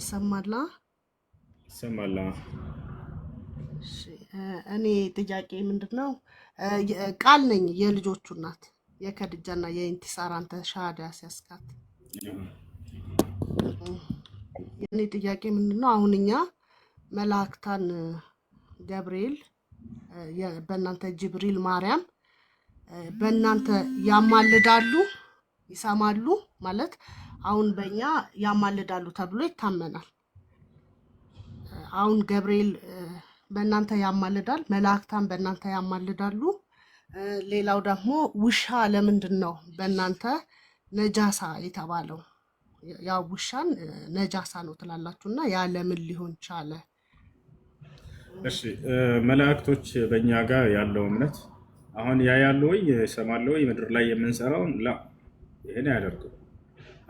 ይሰማላ ይሰማላ። እኔ ጥያቄ ምንድን ነው? ቃል ነኝ የልጆቹ እናት የከድጃና የኢንቲሳር አንተ ሻሃዳ ሲያስካት እኔ ጥያቄ ምንድን ነው? አሁን እኛ መላእክታን ገብርኤል በእናንተ ጅብሪል ማርያም በእናንተ ያማልዳሉ፣ ይሰማሉ ማለት አሁን በእኛ ያማልዳሉ ተብሎ ይታመናል። አሁን ገብርኤል በእናንተ ያማልዳል፣ መላእክታን በእናንተ ያማልዳሉ። ሌላው ደግሞ ውሻ ለምንድን ነው በእናንተ ነጃሳ የተባለው? ያ ውሻን ነጃሳ ነው ትላላችሁ እና ያ ለምን ሊሆን ቻለ? እሺ መላእክቶች በእኛ ጋር ያለው እምነት አሁን ያ ያለ ወይ ወይ ምድር ላይ የምንሰራውን ላ ይህን አያደርገው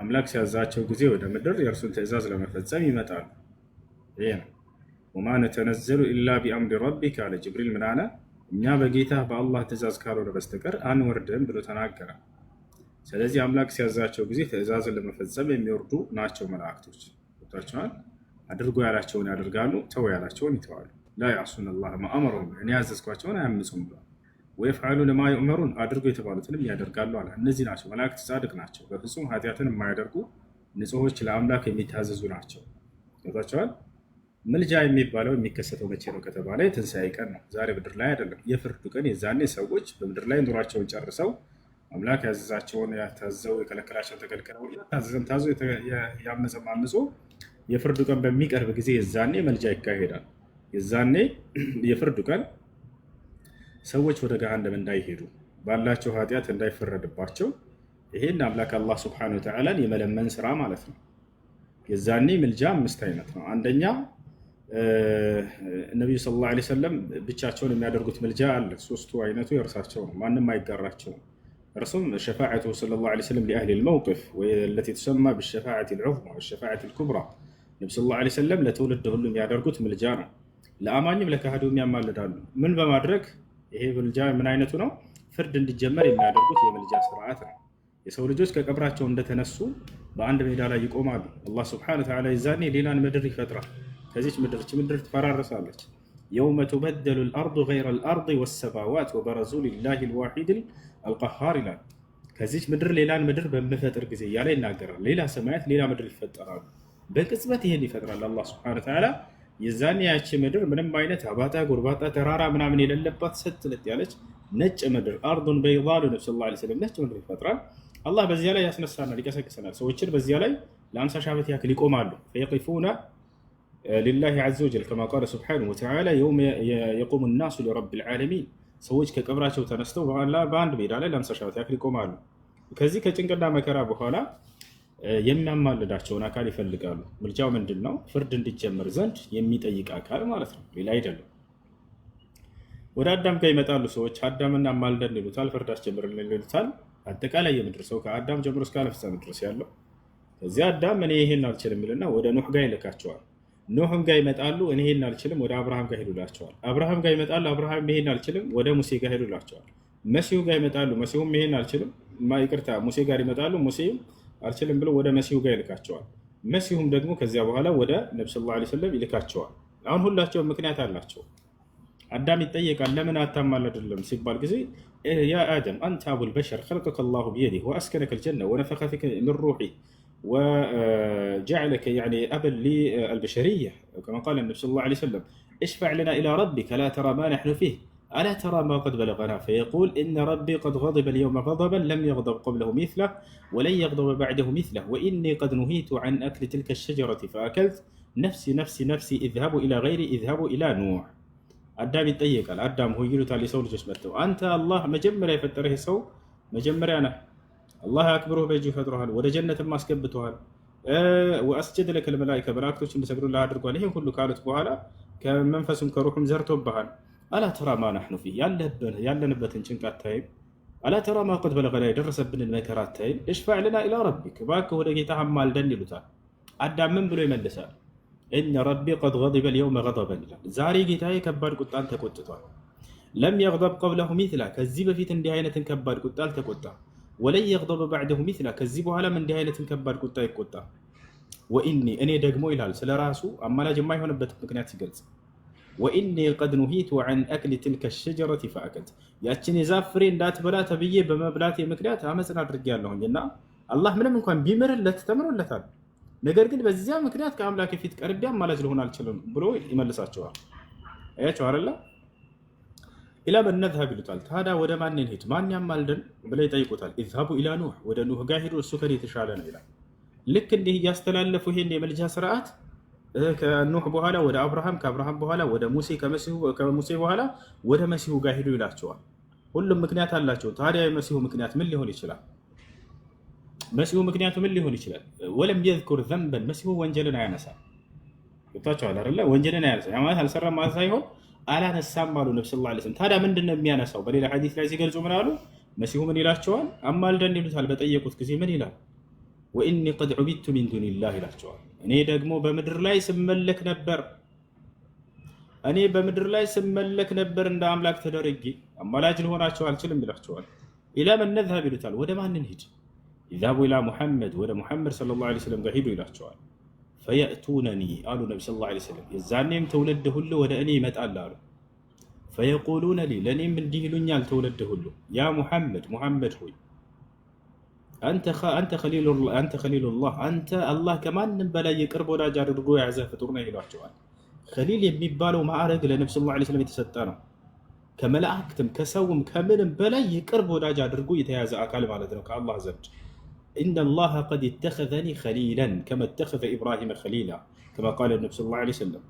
አምላክ ሲያዛቸው ጊዜ ወደ ምድር የእርሱን ትእዛዝ ለመፈጸም ይመጣሉ። ይህ ነው ወማ ነተነዘሉ ኢላ ቢአምሪ ረቢክ አለ ጅብሪል። ምን አለ? እኛ በጌታ በአላህ ትእዛዝ ካልሆነ በስተቀር አንወርድም ብሎ ተናገረ። ስለዚህ አምላክ ሲያዛቸው ጊዜ ትእዛዝን ለመፈጸም የሚወርዱ ናቸው መላእክቶች። ታቸዋል አድርጎ ያላቸውን ያደርጋሉ፣ ተው ያላቸውን ይተዋሉ። ላ ያሱን ላ ማአመረሁም እኔ ያዘዝኳቸውን አያምፁም ብሏል። ወይፍዓሉ ለማ ዩእመሩን አድርጎ የተባሉትንም ያደርጋሉ አለ። እነዚህ ናቸው መላእክት፣ ጻድቅ ናቸው፣ በፍጹም ኃጢአትን የማያደርጉ ንጹሆች ለአምላክ የሚታዘዙ ናቸው። ቸዋል ምልጃ የሚባለው የሚከሰተው መቼ ነው ከተባለ የትንሣኤ ቀን ነው። ዛሬ ምድር ላይ አይደለም፣ የፍርዱ ቀን። የዛኔ ሰዎች በምድር ላይ ኑሯቸውን ጨርሰው አምላክ ያዘዛቸውን ያታዘው የከለከላቸውን ተከልክለው ታዘዘም ታዘው ያመፀም አምፆ የፍርዱ ቀን በሚቀርብ ጊዜ የዛኔ መልጃ ይካሄዳል። የዛኔ የፍርዱ ቀን ሰዎች ወደ ገሃነም እንዳይሄዱ ባላቸው ኃጢአት እንዳይፈረድባቸው ይሄን አምላክ አላህ ስብሐነሁ ወተዓላን የመለመን ስራ ማለት ነው። የዛኔ ምልጃ አምስት አይነት ነው። አንደኛ ነቢዩ ሰለላሁ ዓለይሂ ወሰለም ብቻቸውን የሚያደርጉት ምልጃ አለ። ሶስቱ አይነቱ የእርሳቸው ነው፣ ማንም አይጋራቸውም። እርሱም ሸፋዓቱ ሰለላሁ ዓለይሂ ወሰለም ሊአህሊል መውቂፍ ወለቲ ትሰማ ብሸፋዓት ልዑዝማ ወሸፋዓት ልኩብራ ነቢ ሰለላሁ ዓለይሂ ወሰለም ለትውልድ ሁሉ የሚያደርጉት ምልጃ ነው። ለአማኝም ለካህዲውም ያማልዳሉ። ምን በማድረግ ይሄ ምልጃ ምን አይነቱ ነው? ፍርድ እንዲጀመር የሚያደርጉት የምልጃ ስርዓት ነው። የሰው ልጆች ከቀብራቸው እንደተነሱ በአንድ ሜዳ ላይ ይቆማሉ። አላህ ስብሐነ ወተዓላ የዛኔ ሌላን ምድር ይፈጥራል። ከዚች ምድር ች ምድር ትፈራረሳለች። የውመ ቱበደሉ ልአርዱ ገይረ ልአርድ ወሰማዋት ወበረዙ ሊላሂ ልዋሒድ አልቀሃር ይላል። ከዚች ምድር ሌላን ምድር በምፈጥር ጊዜ እያለ ይናገራል። ሌላ ሰማያት፣ ሌላ ምድር ይፈጠራሉ። በቅጽበት ይሄን ይፈጥራል አላህ ስብሐነ ወተዓላ የዛን ያቺ ምድር ምንም አይነት አባጣ ጎርባጣ ተራራ ምናምን የሌለባት ሰትለጥ ያለች ነጭ ምድር አርዱን በይዳ ነብ ስ ላ ስለም ነጭ ምድር ይፈጥራል። አላህ በዚያ ላይ ያስነሳናል፣ ይቀሰቅሰናል። ሰዎችን በዚያ ላይ ለ ሺህ ዓመት ያክል ይቆማሉ። ፈየቂፉና ሊላሂ ዐዘ ወጀል ከማ ቃለ ሱብሓነሁ ወተዓላ የውመ የቁሙ ናሱ ሊረቢል ዓለሚን ሰዎች ከቀብራቸው ተነስተው በአንድ ሜዳ ላይ ለአምሳ 50 ሺህ ዓመት ያክል ይቆማሉ። ከዚህ ከጭንቅና መከራ በኋላ የሚያማልዳቸውን አካል ይፈልጋሉ። ምልጃው ምንድን ነው? ፍርድ እንዲጀመር ዘንድ የሚጠይቅ አካል ማለት ነው፣ ሌላ አይደለም። ወደ አዳም ጋር ይመጣሉ ሰዎች። አዳምና አማልደን ይሉታል፣ ፍርድ አስጀምርልን ይሉታል። አጠቃላይ የምድር ሰው ከአዳም ጀምሮ እስከ ፍጻሜ ድረስ ያለው ከዚያ አዳም እኔ ይሄን አልችልም ይልና ወደ ኖህ ጋር ይልካቸዋል። ኖህም ጋር ይመጣሉ። እኔ ይሄን አልችልም፣ ወደ አብርሃም ጋር ሄዱ አብርሃም ጋር ይመጣሉ። አብርሃም ይሄን አልችልም፣ ወደ ሙሴ ጋር ሄዱ መሲሁ ጋር ይመጣሉ። መሲሁም ይሄን አልችልም፣ ይቅርታ ሙሴ ጋር ይመጣሉ። ሙሴም አልችልም ብሎ ወደ መሲሁ ጋር ይልካቸዋል። መሲሁም ደግሞ ከዚያ በኋላ ወደ ነቢ ሰለላሁ ዓለይሂ ወሰለም ይልካቸዋል። አሁን ሁላቸውም ምክንያት አላቸው። አዳም ይጠየቃል። ለምን አታማልድልም ሲባል ጊዜ ያ አደም አንተ አቡል በሸር ኸለቀከ ላሁ ብየዲህ ወአስከነከ ልጀነ ወነፈኸ ፊከ ምን ሩሒ وجعلك يعني ابا للبشريه كما قال النبي صلى الله عليه وسلم اشفع لنا الى ربك لا ترى ما نحن فيه ألا ترى ما قد بلغنا فيقول إن ربي قد غضب اليوم غضبا لم يغضب قبله مثله ولن يغضب بعده مثله وإني قد نهيت عن أكل تلك الشجرة فأكلت نفسي نفسي نفسي اذهبوا إلى غيري اذهبوا إلى نوح أدام يطيق على أدام هو يلو تالي سول جسمته أنت الله مجمرة يفتره سو مجمرة أنا الله أكبره بيجي فتره ولا جنة ما سكبتها آه، وأسجد لك الملائكة براكتوش نسبرون لها درقوا لهم كله كالت بوالا كمنفس كروح مزرته بها አላተራማ ናሕኑ ፊህ ያለንበትን ጭንቅ አታይም? አላተራማ ቀድ በለገና የደረሰብንን መከራ አታይም? እሽፋዕ ለና ኢላ ረቢክ እባክህ ወደ ጌታ አማልደን ይሉታል። አዳም ብሎ ይመልሳል? እነ ረቢ ቀድ ገዲበ ልየውመ ገደበን ይላል። ዛሬ ጌታዬ ከባድ ቁጣን ተቆጥቷል። ለም የግደብ ቀብለሁ ሚትላ ከዚህ በፊት እንዲህ አይነትን ከባድ ቁጣ አልተቆጣም። ወለን የግደበ ባዕደሁ ሚትላ ከዚህ በኋላም እንዲህ አይነትን ከባድ ቁጣ ይቆጣ። ወኢኒ እኔ ደግሞ ይላል ስለ ራሱ አማላጅ የማይሆንበት ምክንያት ሲገልጽ ወኢኒ ቀድ ኑሂቱ ዐን አክሊ ትልከ ሸጀረት ፈአከልት ያችን የዛፍ ፍሬ እንዳትበላ ተብዬ በመብላት ምክንያት አመፅን አድርጌያለሁኝ እና አላህ ምንም እንኳን ቢምርለት ተምሮለታል፣ ነገር ግን በዚያ ምክንያት ከአምላክ ፊት ቀርቤ አማላጅ ልሆን አልችልም ብሎ ይመልሳቸዋል። አያቸው አለ ኢላ መን ነዝሀብ ይሉታል። ታዲያ ወደ ማን እንሂድ ማን ያማልደን ብለው ይጠይቁታል። ኢዝሀቡ ኢላ ኑህ ወደ ኑህ ጋር ሂዱ እሱ ከኔ የተሻለ ነው ይላል። ልክ እንዲህ እያስተላለፉ ይሄን የመልጃ ስርዓት ከኑህ በኋላ ወደ አብርሃም፣ ከአብርሃም በኋላ ወደ ሙሴ፣ ከሙሴ በኋላ ወደ መሲሁ ጋር ሄዱ ይላቸዋል። ሁሉም ምክንያት አላቸው። ታዲያ የመሲሁ ምክንያት ምን ሊሆን ይችላል? መሲሁ ምክንያቱ ምን ሊሆን ይችላል? ወለም የዝኩር ዘንበን መሲሁ ወንጀልን አያነሳም። ገብታችኋል አይደለ? ወንጀልን አያነሳም ማለት አልሰራም ማለት ሳይሆን አላነሳም አሉ ነብስ ላ ስም። ታዲያ ምንድን ነው የሚያነሳው? በሌላ ሐዲስ ላይ ሲገልጹ ምን አሉ? መሲሁ ምን ይላቸዋል? አማልደን ይሉታል። በጠየቁት ጊዜ ምን ይላል? ወኢኒ ቀድ ዑቢድቱ ሚን ዱኒላህ ይላቸዋል እኔ ደግሞ በምድር ላይ ስመለክ ነበር እኔ በምድር ላይ ስመለክ ነበር እንደ አምላክ ተደርጌ አማላጅ ልሆናቸው አልችልም ይላቸዋል። ኢላ መን ነዝሀብ ይሉታል። ወደ ማንን ሂድ? ይዛቡ ኢላ ሙሐመድ ወደ ሙሐመድ ሰለላሁ ዐለይሂ ወሰለም ጋር ሂዱ ይላቸዋል። ፈየእቱነኒ አሉ ነቢ ሰለላሁ ዐለይሂ ወሰለም። የዛኔም ትውልድ ሁሉ ወደ እኔ ይመጣል አሉ። ፈየቁሉነ ሊ ለእኔም እንዲህ ይሉኛል ትውልድ ሁሉ ያ ሙሐመድ ሙሐመድ ሆይ አንተ ከሊሉላህ አንተ አላህ ከማንም በላይ የቅርብ ወዳጅ አድርጎ የያዘ ፍጡር ነው ይሏቸዋል። ከሊል የሚባለው ማዕረግ ለነብዩ ሰለላሁ ዐለይሂ ወሰለም የተሰጠ ነው። ከመላእክትም ከሰውም ከምንም በላይ የቅርብ ወዳጅ አድርጎ የተያዘ አካል ማለት ነው ከአላህ ዘንድ። ኢነላህ ቀድ ኢተኸዘኒ ከሊለን ከመ ኢተኸዘ ኢብራሂመ ከሊላ ከማ ቃለ ነብዩ ሰለላሁ ዐለይሂ ወሰለም።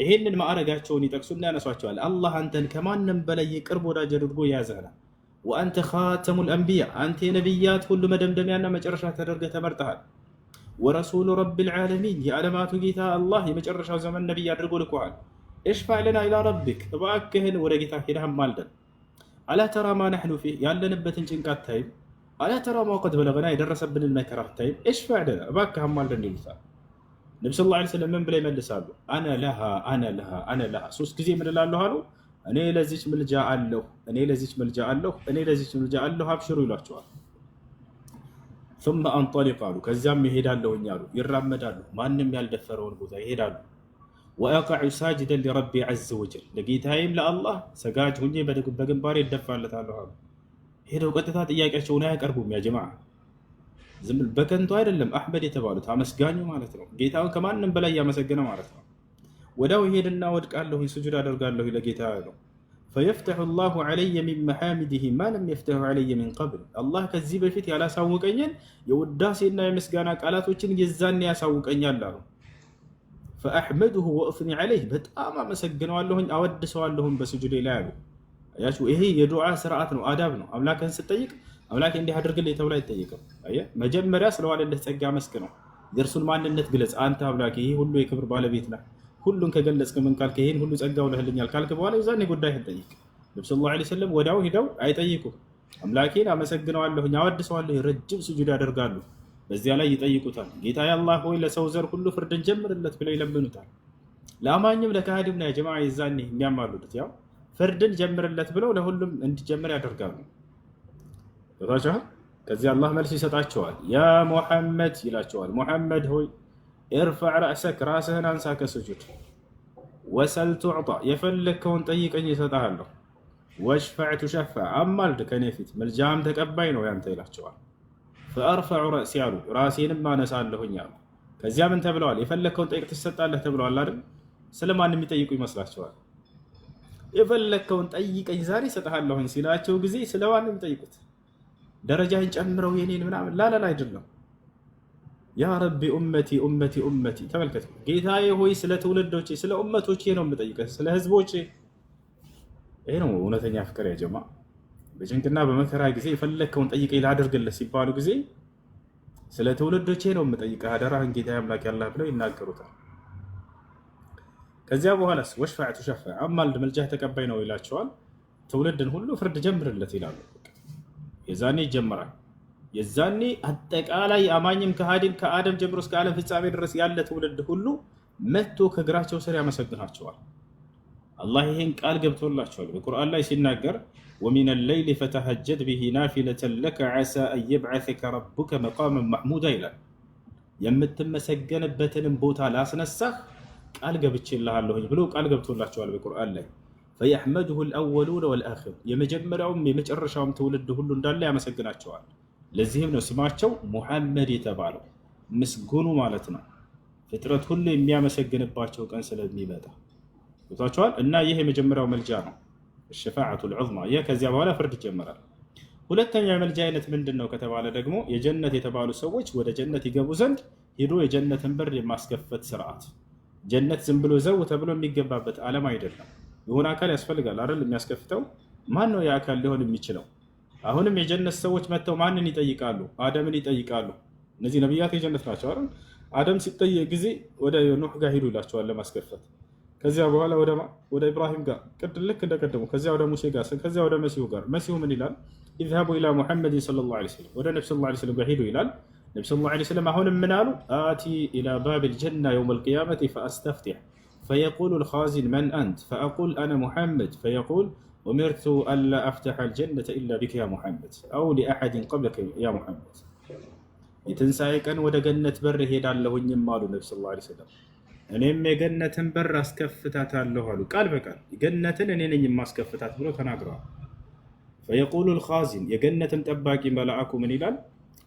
ይህንን ማዕረጋቸውን ይጠቅሱና ያነሷቸዋል። አላህ አንተን ከማንም በላይ የቅርብ ወዳጅ አድርጎ የያዘህ ነው ወአንተ ኻተሙል አንቢያ አንተ የነቢያት ሁሉ መደምደሚያና መጨረሻ ተደርገህ ተመርጠሃል። ወረሱሉ ረቢል ዓለሚን የዓለማቱ ጌታ አላህ የመጨረሻው ዘመን ነቢይ አድርጎ ልኮሃል። እሽፋዕ ለና ኢላ ረቢክ እባክህን ወደ ጌታ ሄደህ አማልደን። አላ ተራ ማ ናሕኑ ፊህ ያለንበትን ጭንቀት ታይም አላ ተራ ማ ቀድ በለገና የደረሰብንን መከራ ታይም እሽፋዕ ለና እባክህ አማልደን ይሉታል። ነቢ ስ ላ ስለም ምን ብለው ይመልሳሉ? አነ ለሃ አነ ለሃ አነ ለሃ ሶስት ጊዜ ምን አሉ እኔ ለዚች ምልጃ አለሁ፣ እኔ ለዚች ምልጃ አለሁ፣ እኔ ለዚች ምልጃ አለሁ፣ አብሽሩ ይሏቸዋል። ثم አንጠሊቅ አሉ። ከዚያም ይሄዳለሁኝ አሉ፣ ይራመዳሉ። ማንም ያልደፈረውን ቦታ ይሄዳሉ። ወአቀዑ ሳጅደን ሊረቢ ዐዘ ወጀል፣ ለጌታዬም ለአላህ ሰጋጅ ሁኜ በግንባሬ ይደፋለታለሁ አሉ። ሄደው ቀጥታ ጥያቄያቸውን አያቀርቡም። ያ ጀማዓ ዝም በከንቱ አይደለም። አሕመድ የተባሉት አመስጋኙ ማለት ነው። ጌታውን ከማንም በላይ እያመሰገነ ማለት ነው። ወዳው ይሄድና ወድቃለሁ ስጁድ አደርጋለሁ ለጌታ ያለው ፈየፍተሑ ላሁ ዓለየ ሚን መሐሚድህ ማ ለም የፍተሑ ዓለየ ሚን ቀብል አላህ ከዚህ በፊት ያላሳወቀኝን የውዳሴና የምስጋና ቃላቶችን የዛኔ ያሳውቀኛል አሉ። ፈአሕመድሁ ወእፍኒ ዓለይህ በጣም አመሰግነዋለሁኝ አወድሰዋለሁም በስጁዴ ላይ አሉ። ያችሁ ይሄ የዱዓ ስርዓት ነው፣ አዳብ ነው። አምላክህን ስጠይቅ አምላክ እንዲህ አድርግልህ ተብሎ አይጠየቅም። መጀመሪያ ስለዋለልህ ጸጋ መስክ ነው። የእርሱን ማንነት ግለጽ። አንተ አምላክ ይህ ሁሉ የክብር ባለቤት ነህ ሁሉን ከገለጽክ ምን ካልክ ይሄን ሁሉ ጸጋ ውለህልኛል ካልክ በኋላ የዛኔ ጉዳይ ትጠይቅ። ነብ ስ ላ ሰለም ወዲያው ሂደው አይጠይቁም። አምላኬን አመሰግነዋለሁኝ፣ አወድሰዋለሁ፣ ረጅም ስጁድ ያደርጋሉ። በዚያ ላይ ይጠይቁታል። ጌታ አላህ ሆይ ለሰው ዘር ሁሉ ፍርድን ጀምርለት ብለው ይለምኑታል። ለአማኝም ለካህዲም ና ጀማ የዛኔ የሚያማሉት ያው ፍርድን ጀምርለት ብለው ለሁሉም እንዲጀምር ያደርጋሉ። ከዚያ አላህ መልስ ይሰጣቸዋል። ያ ሙሐመድ ይላቸዋል። ሙሐመድ ሆይ ኢርፋዕ ረእሰክ ራስህን አንሳ ከስጁድ ወሰል ቱዕጣ የፈለግከውን ጠይቀኝ ይሰጥሃለሁ። ወሽፈዕ ቱሸፋ አማልድ ከኔ ፊት ምልጃም ተቀባይ ነው ያንተ ይላቸዋል። ፈአርፈዑ ረእሲ አሉ ራሴንም አነሳለሁኝ አሉ። ከዚያ ምን ተብለዋል? የፈለግከውን ጠይቅ ትሰጣለህ ተብለዋል አይደል? ስለማን የሚጠይቁ ይመስላቸዋል? የፈለግከውን ጠይቀኝ ዛሬ ይሰጥሃለሁኝ ሲላቸው ጊዜ ስለማን የሚጠይቁት? ደረጃህን ጨምረው የኔን ምናምን ላላል አይደለም ያ ረቢ ኡመቲ ኡመቲ ኡመቲ። ተመልከት ጌታዬ ሆይ ስለ ትውልዶቼ ስለ ኡመቶቼ ነው የምጠይቀህ፣ ስለ ህዝቦቼ። ይሄ ነው እውነተኛ ፍቅር ያጀማ። በጭንቅና በመከራ ጊዜ የፈለግከውን ጠይቀኝ ላደርግልህ ሲባሉ ጊዜ ስለ ትውልዶቼ ነው የምጠይቀህ፣ አደራህን ጌታዬ አምላክ ያላህ ብለው ይናገሩታል። ከዚያ በኋላስ ወሽፋዕ ቱሸፋዕ፣ አማልድ መልጃህ ተቀባይ ነው ይላቸዋል። ትውልድን ሁሉ ፍርድ ጀምርለት ይላሉ። የዛኔ ይጀመራል። የዛኔ አጠቃላይ አማኝም ከሃዲም ከአደም ጀምሮ እስከ ዓለም ፍጻሜ ድረስ ያለ ትውልድ ሁሉ መጥቶ ከእግራቸው ስር ያመሰግናቸዋል። አላህ ይህን ቃል ገብቶላቸዋል በቁርአን ላይ ሲናገር ወሚን ለይል ፈተሀጀድ ብሂ ናፊለተን ለከ ዓሳ አን ረቡከ መቃመን ማሕሙዳ ይላል። የምትመሰገንበትንም ቦታ ላስነሳህ ቃል ገብቼልሃለሁኝ ብሎ ቃል ገብቶላቸዋል በቁርአን ላይ ፈየሕመድሁ ልአወሉነ ወልአኽር የመጀመሪያውም የመጨረሻውም ትውልድ ሁሉ እንዳለ ያመሰግናቸዋል። ለዚህም ነው ስማቸው ሙሐመድ የተባለው ምስጉኑ ማለት ነው። ፍጥረት ሁሉ የሚያመሰግንባቸው ቀን ስለሚመጣ ታቸዋል እና ይህ የመጀመሪያው መልጃ ነው፣ ሸፋዓቱ ዑዝማ። ይህ ከዚያ በኋላ ፍርድ ይጀምራል። ሁለተኛ የመልጃ አይነት ምንድን ነው ከተባለ ደግሞ የጀነት የተባሉ ሰዎች ወደ ጀነት ይገቡ ዘንድ ሂዶ የጀነትን በር የማስከፈት ስርዓት። ጀነት ዝም ብሎ ዘው ተብሎ የሚገባበት ዓለም አይደለም። የሆነ አካል ያስፈልጋል አይደል? የሚያስከፍተው ማን ነው? የአካል ሊሆን የሚችለው አሁንም የጀነት ሰዎች መጥተው ማንን ይጠይቃሉ? አደምን ይጠይቃሉ። እነዚህ ነቢያት የጀነት ናቸው አይደል? አደም ሲጠየቅ ጊዜ ወደ ኑህ ጋር ሂዱ ይላቸዋል ለማስከፈት። ከዚያ በኋላ ወደ ኢብራሂም ጋር ቅድም ልክ እንደቀደሙ፣ ከዚያ ወደ ሙሴ ጋር፣ ከዚያ ወደ መሲሁ ጋር። መሲሁ ምን ይላል? ኢዝሀቡ ኢላ ሙሐመድን ሰለላሁ ዐለይሂ ወሰለም፣ ወደ ነቢ ሰለላሁ ዐለይሂ ወሰለም ጋር ሂዱ ይላል። ነቢ ሰለላሁ ዐለይሂ ወሰለም አሁንም ምን አሉ? አቲ ኢላ ባቢል ጀና የውመል ቂያመቲ ፈአስተፍቲሕ ፈየቁሉ ልኻዚን መን አንት ፈአቁል አነ ሙሐመድ ፈየቁል ኡሚርቱ አላ አፍተሐ አልጀነተ ኢላ ቢከ ያ ሙሐመድ አው ሊአሐድን ቀብለከ ያ ሙሐመድ የትንሣኤ ቀን ወደ ገነት በር እሄዳለሁኝም አሉ ነቢ ስ ላ ሰለም። እኔም የገነትን በር አስከፍታታለሁ አሉ ቃል በቃል ገነትን እኔ ነኝ የማስከፍታት ብሎ ተናግረዋል። ፈየቁሉ ልኻዚን የገነትን ጠባቂ መልአኩ ምን ይላል?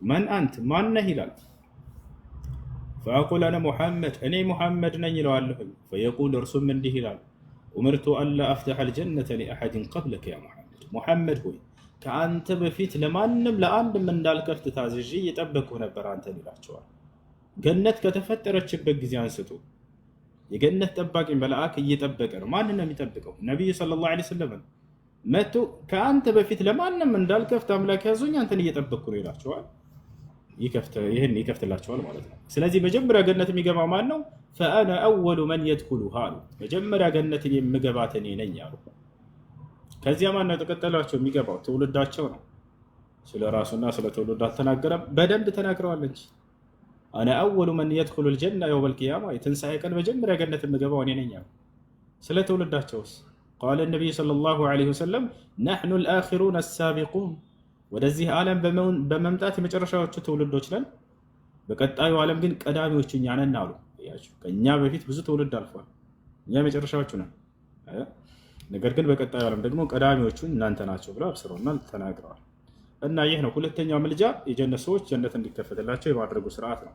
መን አንት ማነህ ይላል። ፈአቁል አነ ሙሐመድ እኔ ሙሐመድ ነኝ ይለዋለሁኝ። ፈየቁል እርሱም እንዲህ ይላል ኡምርቱ አላ አፍተሐ አልጀነተ ሊአሐድ ቀብለከ ያ ሙሐመድ ሙሐመድ ሆይ ከአንተ በፊት ለማንም ለአንድም እንዳልከፍት ታዝዤ እየጠበኩ ነበር አንተን ይላቸዋል። ገነት ከተፈጠረችበት ጊዜ አንስቶ የገነት ጠባቂ መልአክ እየጠበቀ ነው። ማንን ነው የሚጠብቀው? ነቢዩ ሰለላሁ ዐለይሂ ወሰለም መቶ ከአንተ በፊት ለማንም እንዳልከፍት አምላክ ያዞኝ አንተን እየጠበቅኩ ነው ይላቸዋል። ይህን ይከፍትላቸዋል ማለት ነው። ስለዚህ መጀመሪያ ገነት የሚገባ ማን ነው? ፈአነ አወሉ መን የድኩሉሃ አሉ። መጀመሪያ ገነትን የምገባት እኔ ነኝ አሉ። ከዚያ ማን ነው የተቀጠላቸው የሚገባው? ትውልዳቸው ነው። ስለ ራሱና ስለ ትውልድ አልተናገረም። በደንብ እንጂ አነ አወሉ መን የድኩሉ ልጀና የውመል ቂያማ፣ የትንሣኤ ቀን መጀመሪያ ገነት የምገባው እኔ ነኝ አሉ። ስለ ትውልዳቸውስ ቃለ ነቢዩ ሰለላሁ ዐለይሂ ወሰለም ነሕኑ ልአኪሩን አሳቢቁን ወደዚህ ዓለም በመምጣት የመጨረሻዎቹ ትውልዶች ነን። በቀጣዩ ዓለም ግን ቀዳሚዎች እኛ ነን አሉ። ከእኛ በፊት ብዙ ትውልድ አልፏል። እኛ የመጨረሻዎቹ ነን። ነገር ግን በቀጣዩ ዓለም ደግሞ ቀዳሚዎቹ እናንተ ናቸው ብለው አብስሮና ተናግረዋል። እና ይህ ነው ሁለተኛው ምልጃ፣ የጀነት ሰዎች ጀነት እንዲከፈትላቸው የማድረጉ ስርዓት ነው።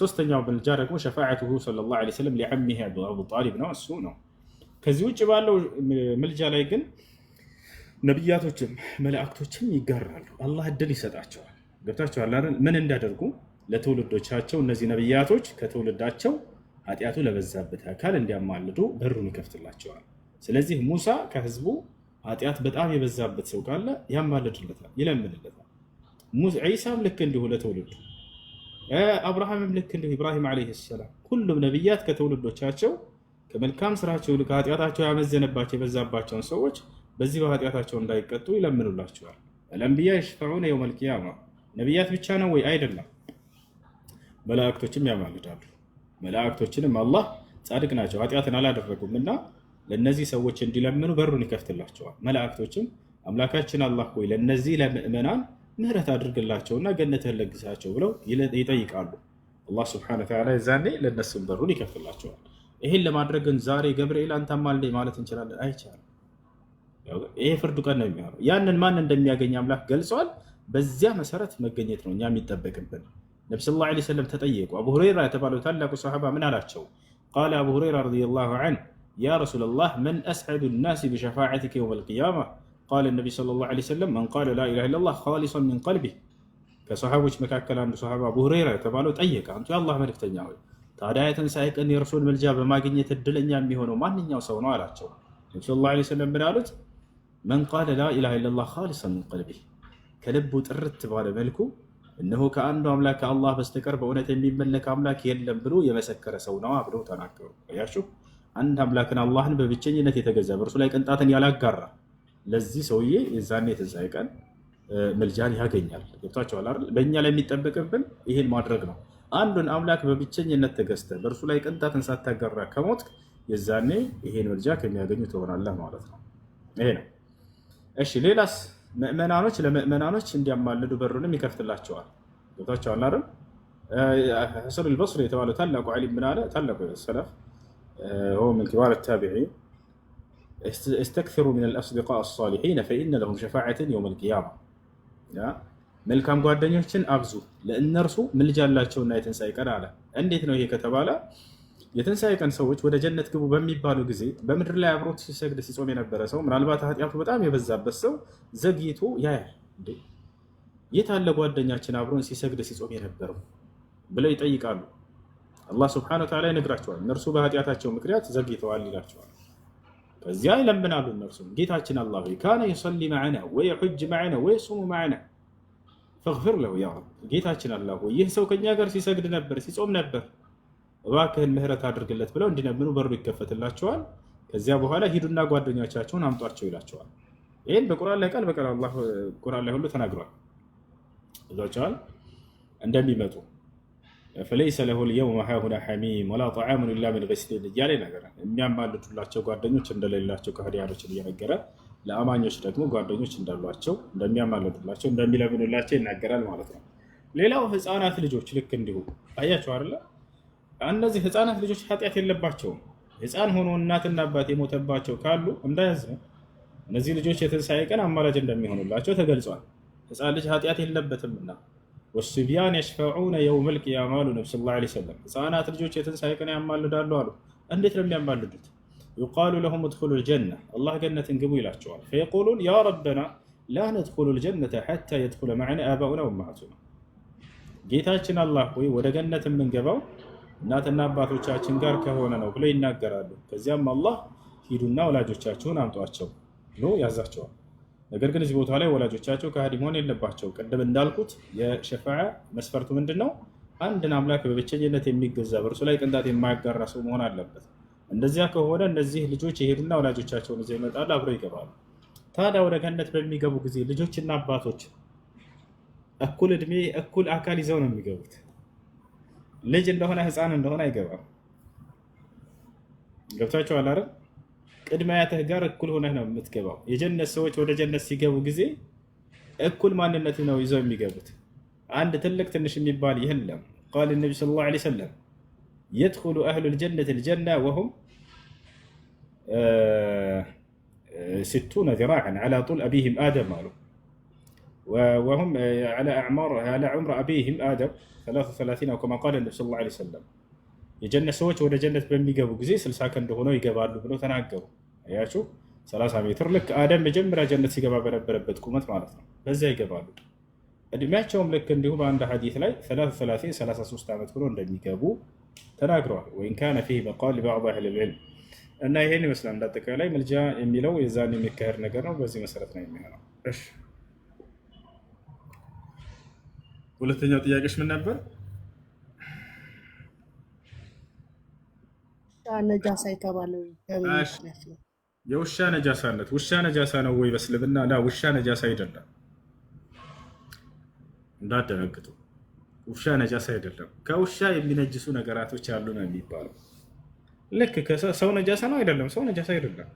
ሶስተኛው ምልጃ ደግሞ ሸፋዓቱሁ ሰለላሁ ዐለይሂ ወሰለም ሊዓሚሂ አቡ ጣሊብ ነው፣ እሱ ነው። ከዚህ ውጭ ባለው ምልጃ ላይ ግን ነቢያቶችም መላእክቶችም ይጋራሉ። አላህ እድል ይሰጣቸዋል። ገብታቸዋል አይደል? ምን እንዳደርጉ ለትውልዶቻቸው እነዚህ ነቢያቶች ከትውልዳቸው ኃጢአቱ ለበዛበት አካል እንዲያማልዱ በሩን ይከፍትላቸዋል። ስለዚህ ሙሳ ከህዝቡ ኃጢአት በጣም የበዛበት ሰው ካለ ያማልድለታል፣ ይለምንለታል። ዒሳም ልክ እንዲሁ ለትውልዱ፣ አብርሃምም ልክ እንዲሁ ኢብራሂም ዓለይሂ ሰላም፣ ሁሉም ነቢያት ከትውልዶቻቸው ከመልካም ስራቸው ከኃጢአታቸው ያመዘነባቸው የበዛባቸውን ሰዎች በዚህ በኃጢአታቸው እንዳይቀጡ ይለምኑላቸዋል። አልአንቢያ የሽፈዑነ የውመል ቂያማ ነቢያት ብቻ ነው ወይ? አይደለም። መላእክቶችም ያማልዳሉ። መላእክቶችንም አላህ ጻድቅ ናቸው ኃጢአትን አላደረጉም እና ለእነዚህ ሰዎች እንዲለምኑ በሩን ይከፍትላቸዋል። መላእክቶችም አምላካችን አላህ ሆይ ለእነዚህ ለምእመናን ምህረት አድርግላቸውና ገነትህን ለግሳቸው ብለው ይጠይቃሉ። አላህ ስብሐነ ወተዓላ የዛኔ ለእነሱም በሩን ይከፍትላቸዋል። ይህን ለማድረግ ዛሬ ገብርኤል አንተ ማለት እንችላለን? አይቻልም። ይሄ ፍርዱ ቀን ነው የሚሆነው። ያንን ማን እንደሚያገኝ አምላክ ገልጸዋል በዚያ መሰረት መገኘት ነው እኛ የሚጠበቅብን። ነቢ ስ ላ ሰለም ተጠየቁ። አቡ ሁረይራ የተባለው ታላቁ ሰሓባ ምን አላቸው? ቃለ አቡ ሁረይራ ረዲየላሁ ዐንሁ ያ ረሱለላህ መን አስዐዱ ናሲ ቢሸፋዓቲከ የውም ልቅያማ ቃለ ነቢ ሰለላሁ ዐለይሂ ወሰለም መን ቃለ ላ ኢላሃ ኢለላህ ኻሊሰን ሚን ቀልቢህ። ከሰሓቦች መካከል አንዱ ሰሓባ አቡ ሁረይራ የተባለው ጠየቀ፣ አንቱ የአላህ መልክተኛ ሆይ ታዲያ የትንሣኤ ቀን የእርሱን መልጃ በማግኘት እድለኛ የሚሆነው ማንኛው ሰው ነው አላቸው። ነቢ ሰለላሁ ዐለይሂ ወሰለም ምን አሉት? መን ቃለ ላ ኢላሃ ኢለላህ ኻሊሰን ሚን ቀልቢህ ከልቡ ጥርት ባለ መልኩ እነሆ ከአንዱ አምላክ ከአላህ በስተቀር በእውነት የሚመለክ አምላክ የለም ብሎ የመሰከረ ሰው ነዋ ብለው ተናገሩ። ያችሁ አንድ አምላክን አላህን በብቸኝነት የተገዛ በእርሱ ላይ ቅንጣትን ያላጋራ ለዚህ ሰውዬ የዛኔ የትንሣኤ ቀን ምልጃን ያገኛል። ገብቷቸዋል አይደል? በእኛ ላይ የሚጠበቅብን ይህን ማድረግ ነው። አንዱን አምላክ በብቸኝነት ተገዝተ በእርሱ ላይ ቅንጣትን ሳታጋራ ከሞት የዛኔ ይህን ምልጃ ከሚያገኙ ትሆናለህ ማለት ነው። ይሄ ነው እሺ ሌላስ ምእመናኖች ለምእመናኖች እንዲያማልዱ በሩንም ይከፍትላቸዋል። ገብታቸዋል አይደል? ሐሰን አልበስሪ የተባለው ታላቁ ዓሊም ምን አለ? ታላቁ ሰለፍ ምን ኪባር ታቢዒን እስተክሩ ሚን አልአስዲቃ አሳሊሒነ ፈኢነ ለሁም ሸፋዓትን የውም አልቅያማ። መልካም ጓደኞችን አብዙ ለእነርሱ ምልጃላቸውና የትንሣኤ ቀን አለ። እንዴት ነው ይሄ ከተባለ የትንሣኤ ቀን ሰዎች ወደ ጀነት ግቡ በሚባሉ ጊዜ በምድር ላይ አብሮት ሲሰግድ ሲጾም የነበረ ሰው ምናልባት ኃጢአቱ በጣም የበዛበት ሰው ዘግይቶ ያያል። እንዴ የት አለ ጓደኛችን አብሮን ሲሰግድ ሲጾም የነበረው ብለው ይጠይቃሉ። አላህ ስብሐነሁ ወተዓላ ይነግራቸዋል። እነርሱ በኃጢአታቸው ምክንያት ዘግይተዋል ይላቸዋል። ከዚያ ይለምናሉ። እነርሱም ጌታችን አላህ ሆይ ካነ ዩሰሊ መዐና ወየሑጅ ወይ ሱሙ መዐና ፈግፊር ለሁ ያ ጌታችን አላህ ሆይ ይህ ሰው ከእኛ ጋር ሲሰግድ ነበር ሲጾም ነበር እባክህን ምህረት አድርግለት ብለው እንዲነምኑ በሩ ይከፈትላቸዋል። ከዚያ በኋላ ሂዱና ጓደኞቻቸውን አምጧቸው ይላቸዋል። ይህን በቁርአን ላይ ቃል በቃል አላህ ቁርአን ላይ ሁሉ ተናግሯል። እዛቸዋል እንደሚመጡ ፈለይሰ ለሁ ልየውም ሃሁና ሐሚም ወላ ጣዓሙን ኢላ ሚን ገሲሊን እያለ ይነገራል። የሚያማልዱላቸው ጓደኞች እንደሌላቸው ከህዲያኖችን እየነገረ ለአማኞች ደግሞ ጓደኞች እንዳሏቸው እንደሚያማልዱላቸው እንደሚለምኑላቸው ይናገራል ማለት ነው። ሌላው ህፃናት ልጆች ልክ እንዲሁ አያቸው አይደለ እነዚህ ህፃናት ልጆች ኃጢአት የለባቸውም። ህፃን ሆኖ እናትና አባት የሞተባቸው ካሉ እንዳያዝኑ እነዚህ ልጆች የትንሣኤ ቀን አማራጭ እንደሚሆኑላቸው ተገልጿል። ህፃን ልጅ ኃጢአት የለበትምና ወሱቢያን የሽፈዑነ የውመል ቂያማ አሉ ነቢ ስለ ላ ሰለም። ህፃናት ልጆች የትንሣኤ ቀን ያማልዳሉ አሉ። እንዴት ነው የሚያማልዱት? ዩቃሉ ለሁም እድኹሉ ልጀና አላህ ገነትን ግቡ ይላቸዋል። ፈየቁሉን ያ ረበና ላ ነድኹሉ ልጀነተ ሐታ የድኹለ መዕና አባኡና ወመዓቱና ጌታችን አላህ ሆይ ወደ ገነት የምንገባው እናትና አባቶቻችን ጋር ከሆነ ነው ብለው ይናገራሉ። ከዚያም አላህ ሂዱና ወላጆቻችሁን አምጧቸው ብሎ ያዛቸዋል። ነገር ግን እዚህ ቦታ ላይ ወላጆቻቸው ከሃዲ መሆን የለባቸው። ቅድም እንዳልኩት የሸፋዓ መስፈርቱ ምንድን ነው? አንድን አምላክ በብቸኝነት የሚገዛ በእርሱ ላይ ቅንጣት የማያጋራ ሰው መሆን አለበት። እንደዚያ ከሆነ እነዚህ ልጆች የሄዱና ወላጆቻቸውን ይዘው ይመጣሉ፣ አብረው ይገባሉ። ታዲያ ወደ ገነት በሚገቡ ጊዜ ልጆችና አባቶች እኩል እድሜ፣ እኩል አካል ይዘው ነው የሚገቡት። ልጅ እንደሆነ ህፃን እንደሆነ አይገባም። ገብቷቸዋል አይደል? ቅድመ አያትህ ጋር እኩል ሆነህ ነው የምትገባው። የጀነት ሰዎች ወደ ጀነት ሲገቡ ጊዜ እኩል ማንነት ነው ይዘው የሚገቡት። አንድ ትልቅ ትንሽ የሚባል የለም። ቃል ነቢ ሰለላሁ ዐለይሂ ወሰለም የድኹሉ አህሉል ጀነት ልጀና ወሁም ሲቱነ ዚራዐን ዐላ ጡል አቢሂም አደም አሉ وهم على أعمار على عمر أبيهم آدم 33 أو كما قال النبي صلى الله عليه وسلم የጀነት ሰዎች ወደ ጀነት በሚገቡ ጊዜ 60 ቀን እንደሆነው ይገባሉ ብለው ተናገሩ። አያችሁ 30 ሜትር ልክ አደም መጀመሪያ ጀነት ሲገባ በነበረበት ቁመት ማለት ነው። በዚያ ይገባሉ። እድሜያቸውም ልክ እንዲሁም አንድ ሐዲት ላይ 33 33 ዓመት ብሎ እንደሚገቡ ተናግረዋል። ወይን ካነ ፊህ መቃል ሊባዕድ አህል ልዕልም እና ይሄን ይመስላል እንዳጠቃላይ መልጃ የሚለው የዛን የሚካሄድ ነገር ነው። በዚህ መሰረት ነው የሚሆነው። ሁለተኛው ጥያቄሽ ምን ነበር? ነጃሳ የተባለ የውሻ ነጃሳነት ውሻ ነጃሳ ነው ወይ በስልምና? ላ ውሻ ነጃሳ አይደለም፣ እንዳደነግጡ። ውሻ ነጃሳ አይደለም። ከውሻ የሚነጅሱ ነገራቶች አሉ ነው የሚባለው። ልክ ሰው ነጃሳ ነው አይደለም፣ ሰው ነጃሳ አይደለም።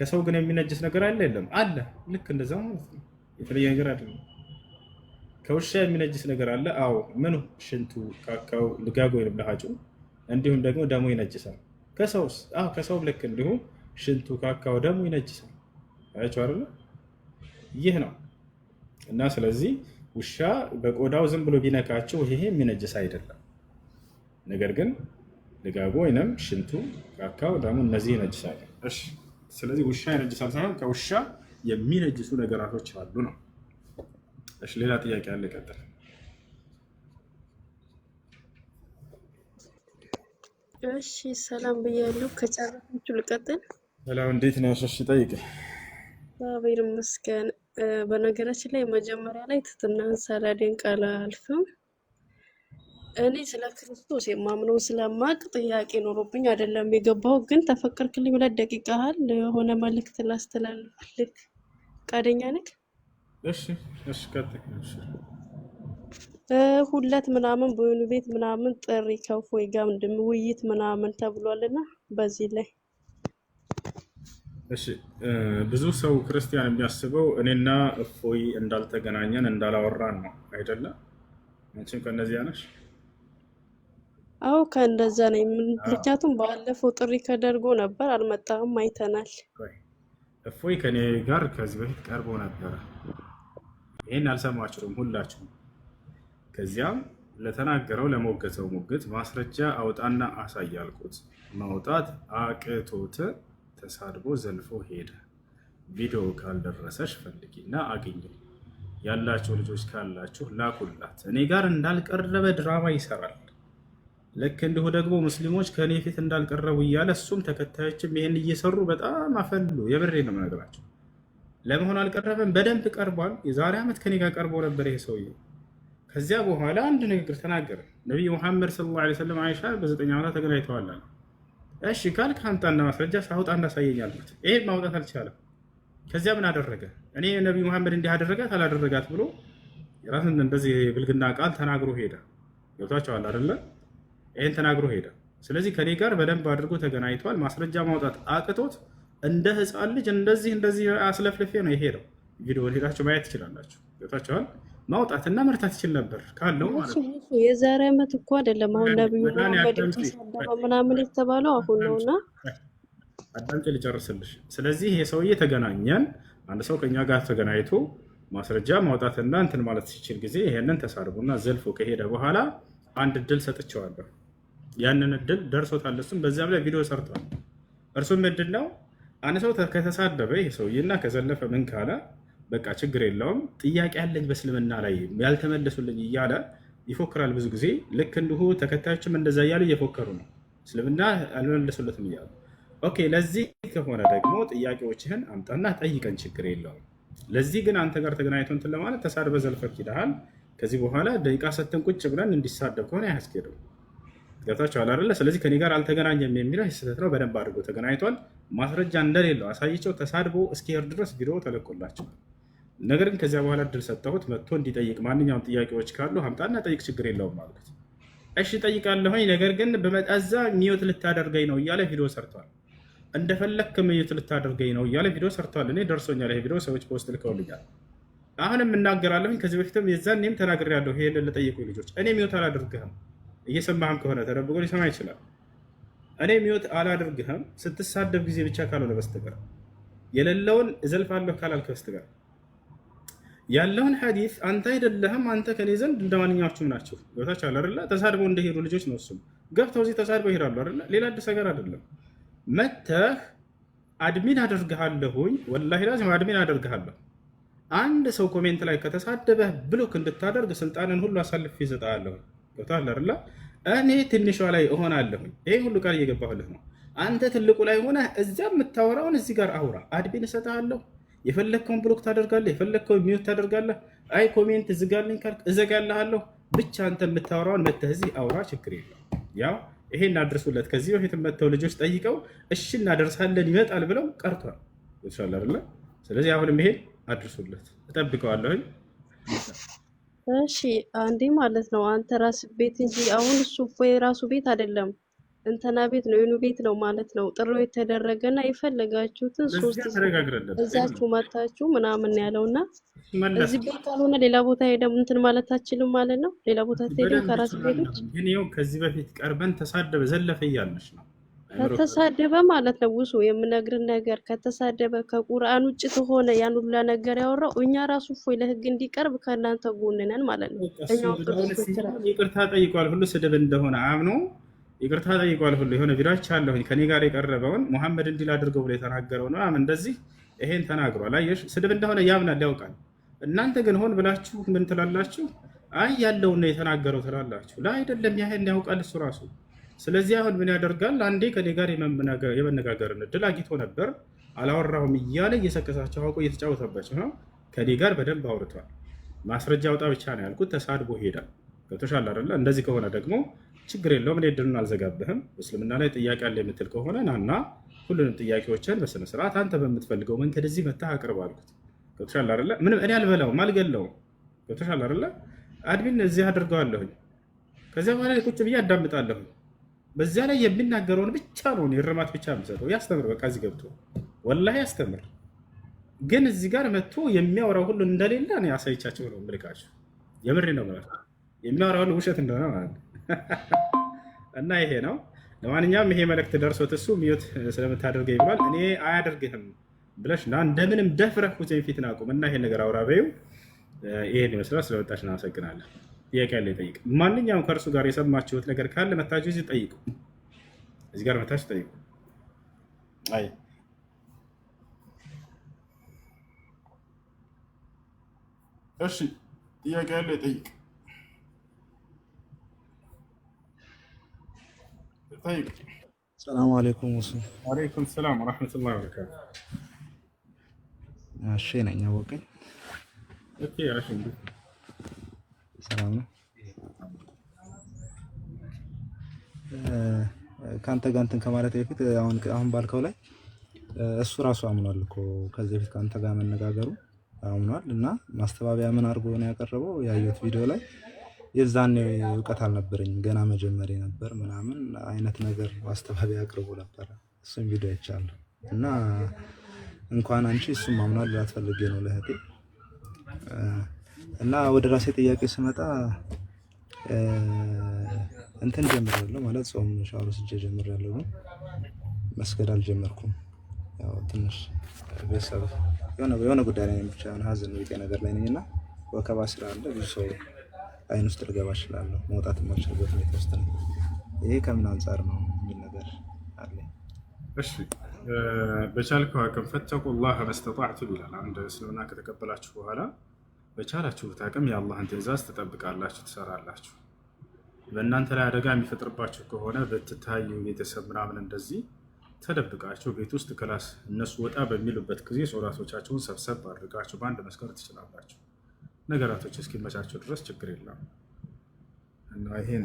ከሰው ግን የሚነጅስ ነገር አለ የለም? አለ። ልክ እንደዛ ማለት ነው። የተለየ ነገር አይደለም። ከውሻ የሚነጅስ ነገር አለ? አዎ። ምኑ? ሽንቱ፣ ካካው፣ ልጋጎ ወይም እንዲሁም ደግሞ ደሙ ይነጅሳል። ከሰውስ? አዎ፣ ከሰውም ልክ እንዲሁ ሽንቱ፣ ካካው፣ ደሙ ይነጅሳል። አያቸው አለ። ይህ ነው እና ስለዚህ ውሻ በቆዳው ዝም ብሎ ቢነካቸው ይሄ የሚነጅስ አይደለም። ነገር ግን ልጋጎ ወይም ሽንቱ፣ ካካው፣ ደሙ እነዚህ ይነጅሳል። ስለዚህ ውሻ ይነጅሳል ሳይሆን ከውሻ የሚነጅሱ ነገራቶች አሉ ነው እሺ ሌላ ጥያቄ አለ። ቀጥል። እሺ ሰላም ብያለሁ። ከጨረሳችሁ ልቀጥል። ሰላም እንዴት ነው? እሺ ጠይቅ። እግዚአብሔር ይመስገን። በነገራችን ላይ መጀመሪያ ላይ ትትናን ቃል አልፍም። እኔ ስለ ክርስቶስ የማምነው ስለማቅ ጥያቄ ኖሮብኝ አይደለም የገባው፣ ግን ተፈቀድክልኝ ሁለት ደቂቃ ያህል የሆነ መልእክት ላስተላልፍልክ ፈቃደኛ ነህ? እሺ እሺ፣ ቀጥይ። እሺ ሁለት ምናምን በሆኑ ቤት ምናምን ጥሪ ከእፎይ ጋር ምንድን ውይይት ምናምን ተብሏልና በዚህ ላይ እሺ። ብዙ ሰው ክርስቲያን የሚያስበው እኔና እፎይ እንዳልተገናኘን እንዳላወራን ነው አይደለም? አንቺም ከእነዚያ ነሽ? አዎ ከእንደዛ ነው። ምክንያቱም ባለፈው ጥሪ ከደርጎ ነበር አልመጣም፣ አይተናል። እፎይ ከእኔ ጋር ከዚህ በፊት ቀርቦ ነበረ ይህን አልሰማችሁም ሁላችሁም። ከዚያም ለተናገረው ለሞገተው ሙግት ማስረጃ አውጣና አሳይ ማውጣት አቅቶት ተሳድቦ ዘልፎ ሄደ። ቪዲዮ ካልደረሰሽ ፈልጊና አግኝ። ያላችሁ ልጆች ካላችሁ ላኩላት። እኔ ጋር እንዳልቀረበ ድራማ ይሰራል። ልክ እንዲሁ ደግሞ ሙስሊሞች ከእኔ ፊት እንዳልቀረቡ እያለ እሱም ተከታዮችም ይህን እየሰሩ በጣም አፈሉ። የብሬ ነው የምነግራቸው ለመሆን አልቀረበም። በደንብ ቀርቧል። የዛሬ ዓመት ከኔ ጋር ቀርቦ ነበር ይሄ ሰውዬ። ከዚያ በኋላ አንድ ንግግር ተናገረ። ነቢይ ሙሐመድ ሰለላሁ ዐለይሂ ወሰለም አይሻ በዘጠኝ ዓመታት ተገናኝተዋል። እሺ ካልክ አምጣና ማስረጃ ሳውጣ እንዳሳየኝ አልኩት። ይሄ ማውጣት አልቻለም። ከዚያ ምን አደረገ? እኔ ነቢይ ሙሐመድ እንዲህ አደረጋት አላደረጋት ብሎ ራስን እንደዚህ ብልግና ቃል ተናግሮ ሄደ። ገብታችኋል አይደለ? ይህን ተናግሮ ሄደ። ስለዚህ ከኔ ጋር በደንብ አድርጎ ተገናኝተዋል። ማስረጃ ማውጣት አቅቶት እንደ ህፃን ልጅ እንደዚህ እንደዚህ አስለፍልፌ ነው የሄደው። ቪዲዮ ሄዳችሁ ማየት ትችላላችሁ። ቤታቸዋል ማውጣትና መርታት ይችል ነበር ካለው ማለት ነው። የዛሬ ዓመት እኮ አይደለም አሁን ነብዩ ምናምን የተባለው አሁን ነውና አዳምጪ ልጨርስልሽ። ስለዚህ ይሄ ሰውዬ ተገናኘን። አንድ ሰው ከኛ ጋር ተገናኝቶ ማስረጃ ማውጣትና እንትን ማለት ሲችል ጊዜ ይሄንን ተሳርቡና ዘልፎ ከሄደ በኋላ አንድ እድል ሰጥቸዋለሁ። ያንን እድል ደርሶታል። እሱም በዚያም ላይ ቪዲዮ ሰርቷል። እርሱም ምንድን ነው አንድ ሰው ከተሳደበ ይህ ሰውዬና ከዘለፈ ምን ካለ በቃ ችግር የለውም ጥያቄ ያለኝ በእስልምና ላይ ያልተመለሱልኝ እያለ ይፎክራል። ብዙ ጊዜ ልክ እንዲሁ ተከታዮችም እንደዛ እያሉ እየፎከሩ ነው፣ እስልምና አልመለሱለትም እያሉ። ኦኬ ለዚህ ከሆነ ደግሞ ጥያቄዎችህን አምጣና ጠይቀን፣ ችግር የለውም። ለዚህ ግን አንተ ጋር ተገናኝቶ እንትን ለማለት ተሳድበ ዘልፈክ ከዚህ በኋላ ደቂቃ ሰተን ቁጭ ብለን እንዲሳደብ ከሆነ አያስኬድም። ገብታችኋል አይደለ? ስለዚህ ከኔ ጋር አልተገናኘም የሚለው ስህተት ነው። በደንብ አድርጎ ተገናኝቷል። ማስረጃ እንደሌለው አሳይቸው ተሳድቦ እስኪሄድ ድረስ ቪዲዮ ተለቆላቸዋል። ነገር ግን ከዚያ በኋላ እድል ሰጠሁት መጥቶ እንዲጠይቅ ማንኛውም ጥያቄዎች ካሉ ሀምጣና ጠይቅ፣ ችግር የለውም አልኩት። እሺ ጠይቃለሁኝ፣ ነገር ግን በመጣዛ ሚዩት ልታደርገኝ ነው እያለ ቪዲዮ ሰርቷል። እንደፈለግክ ሚዩት ልታደርገኝ ነው እያለ ቪዲዮ ሰርቷል። እኔ ደርሶኛል፣ ይሄ ቪዲዮ ሰዎች በውስጥ ልከውልኛል። አሁንም እናገራለሁኝ። ከዚህ በፊትም የዛኔም ተናግሬያለሁ። ይሄን ለጠየቁ ልጆች እኔ ሚዩት አላደርግህም እየሰማህም ከሆነ ተደብቆ ሊሰማ ይችላል። እኔ ሚወት አላደርግህም ስትሳደብ ጊዜ ብቻ ካልሆነ በስተቀር የሌለውን እዘልፋለሁ ካላልክ በስተቀር ያለውን ሐዲስ አንተ አይደለህም አንተ ከኔ ዘንድ እንደ ማንኛዎቹም ናቸው። ቦታች አለ አይደለ? ተሳድበው እንደሄዱ ልጆች ነው። እሱም ገብተው እዚህ ተሳድበው ይሄዳሉ አይደለ? ሌላ አዲስ ነገር አይደለም። መተህ አድሚን አደርግሃለሁኝ፣ ወላሂ ላዚም አድሚን አደርግሃለሁ። አንድ ሰው ኮሜንት ላይ ከተሳደበህ ብሎክ እንድታደርግ ስልጣንን ሁሉ አሳልፍ እሰጥሃለሁ። ገብቶሃል አይደለ? እኔ ትንሿ ላይ እሆናለሁኝ። ይሄ ሁሉ ቃል እየገባሁልህ ነው። አንተ ትልቁ ላይ ሆነ እዚያ የምታወራውን እዚህ ጋር አውራ። አድሚን እሰጥሃለሁ። የፈለግከውን ብሎክ ታደርጋለህ፣ የፈለግከውን ሚዩት ታደርጋለህ። አይ ኮሜንት ዝጋልኝ ካልክ እዘጋልሃለሁ። ብቻ አንተ የምታወራውን መተህ እዚህ አውራ፣ ችግር የለው። ያው ይሄ እናደርሱለት። ከዚህ በፊት መተው ልጆች ጠይቀው እሺ እናደርሳለን ይመጣል ብለው ቀርቷል። ይሻላል። ስለዚህ አሁንም ይሄን አድርሱለት፣ እጠብቀዋለሁኝ። እሺ አንዴ ማለት ነው አንተ ራስ ቤት እንጂ አሁን እሱ እኮ የራሱ ቤት አይደለም፣ እንትና ቤት ነው የኑ ቤት ነው ማለት ነው። ጥሩ የተደረገ እና የፈለጋችሁትን ሶስት እዛችሁ መታችሁ ምናምን ያለውና እዚህ ቤት ካልሆነ ሌላ ቦታ ሄደ እንትን ማለት አችልም ማለት ነው። ሌላ ቦታ ትሄድም ከራስ ቤቶች ግን ይኸው ከዚህ በፊት ቀርበን ተሳደበ ዘለፈ እያለች ነው ከተሳደበ ማለት ነው ውሱ የምነግርን ነገር ከተሳደበ ከቁርአን ውጭ ከሆነ ያን ሁሉ ነገር ያወራው እኛ ራሱ ፎይ ለህግ እንዲቀርብ ከእናንተ ጎን ነን ማለት ነው። ይቅርታ ጠይቋል ሁሉ ስድብ እንደሆነ አምኖ ይቅርታ ጠይቋል ሁሉ የሆነ ቪዲዮች አለሁኝ ከኔ ጋር የቀረበውን ሙሐመድ እንዲል አድርገው ብሎ የተናገረው ነው። አምን እንደዚህ ይሄን ተናግሯል። አየሽ ስድብ እንደሆነ ያምናል ያውቃል። እናንተ ግን ሆን ብላችሁ ምን ትላላችሁ? አይ ያለውን ነው የተናገረው ትላላችሁ። ላ አይደለም ያህን ያውቃል እሱ ራሱ ስለዚህ አሁን ምን ያደርጋል? አንዴ ከኔ ጋር የመነጋገርን እድል አግኝቶ ነበር፣ አላወራሁም እያለ እየሰቀሳቸው አውቆ እየተጫወተባቸው ነው። ከኔ ጋር በደንብ አውርቷል። ማስረጃ አውጣ ብቻ ነው ያልኩት። ተሳድቦ ሄዳ ገብቶሻል አይደለ? እንደዚህ ከሆነ ደግሞ ችግር የለውም እኔ እድሉን አልዘጋብህም። እስልምና ላይ ጥያቄ አለ የምትል ከሆነ ናና ሁሉንም ጥያቄዎችን በስነስርዓት አንተ በምትፈልገው መንገድ እዚህ መታህ አቅርብ አልኩት። ገብቶሻል አይደለ? ምንም እኔ አልበላውም አልገለውም። ገብቶሻል አይደለ? አድሚን እዚህ አድርገዋለሁኝ። ከዚያ በኋላ ቁጭ ብዬ አዳምጣለሁኝ በዚያ ላይ የሚናገረውን ብቻ ነው እርማት ብቻ የሚሰጠው። ያስተምር፣ በቃ እዚህ ገብቶ ወላሂ ያስተምር። ግን እዚህ ጋር መጥቶ የሚያወራው ሁሉ እንደሌለ ነው ያሳይቻቸው ነው ምልቃቸው። የምሬ ነው ብላ የሚያወራ ሁሉ ውሸት እንደሆነ ማለት ነው። እና ይሄ ነው። ለማንኛውም ይሄ መልእክት ደርሶት እሱ ሚዩት ስለምታደርገ ይባል እኔ አያደርግህም ብለሽ ና እንደምንም ደፍረህ ሁሴን ናቁም እና ይሄን ነገር አውራ በይው። ይሄን ይመስላል። ስለመጣሽ እናመሰግናለን። ጥያቄ ያለው ይጠይቅ። ማንኛውም ከእርሱ ጋር የሰማችሁት ነገር ካለ መታችሁ እዚህ ጠይቁ፣ እዚህ ጋር መታች ጠይቁ። አይ እሺ፣ ጥያቄ ያለ ይጠይቅ ጠይቅ። ሰላም አለይኩም ሱ አለይኩም ሰላም ወረሕመቱላሂ ወበረካቱ። እሺ ነኝ አወቀኝ። ኦኬ አሽ ሰላም ነው። ከአንተ ጋር እንትን ከማለት በፊት አሁን ባልከው ላይ እሱ ራሱ አምኗል እኮ ከዚህ በፊት ከአንተ ጋር መነጋገሩ አምኗል። እና ማስተባበያ ምን አድርጎ ነው ያቀረበው? ያየሁት ቪዲዮ ላይ የዛኔ እውቀት አልነበረኝም ገና መጀመሪ ነበር ምናምን አይነት ነገር ማስተባበያ አቅርቦ ነበረ። እሱም ቪዲዮ አይቻለሁ እና እንኳን አንቺ እሱም አምኗል ላትፈልጌ ነው ለእህቴ እና ወደ ራሴ ጥያቄ ስመጣ እንትን ጀምሬያለሁ ማለት ጾም ሻወር ስጄ ጀምሬያለሁ ነው። መስገድ አልጀመርኩም። ያው ትንሽ ቤተሰብ የሆነ የሆነ ጉዳይ ላይ ብቻ ሀዘን ቤጤ ነገር ላይ ነኝ እና ወከባ ስላለ ብዙ ሰው አይን ውስጥ ልገባ እችላለሁ። መውጣት የማልችልበት ሁኔታ ውስጥ ነው። ይሄ ከምን አንጻር ነው የሚል ነገር አለ። እሺ በቻልከው አቅም ፈተቁላህ መስተጣዕቱ ይላል አንድ እስልምና ከተቀበላችሁ በኋላ በቻላችሁት አቅም የአላህን ትዕዛዝ ትጠብቃላችሁ፣ ትሰራላችሁ። በእናንተ ላይ አደጋ የሚፈጥርባችሁ ከሆነ ብትታዩ ቤተሰብ ምናምን እንደዚህ ተደብቃችሁ ቤት ውስጥ ክላስ እነሱ ወጣ በሚሉበት ጊዜ ሶላቶቻችሁን ሰብሰብ አድርጋችሁ በአንድ መስከር ትችላላችሁ። ነገራቶች እስኪመቻቸው ድረስ ችግር የለም እና ይሄን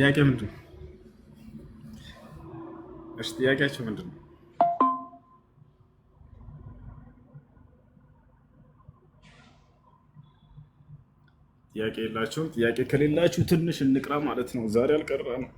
ጥያቄ ምንድን ነው? እሺ ጥያቄያችሁ ምንድን ነው? ጥያቄ የላችሁም? ጥያቄ ከሌላችሁ ትንሽ እንቅራ ማለት ነው። ዛሬ አልቀራ ነው።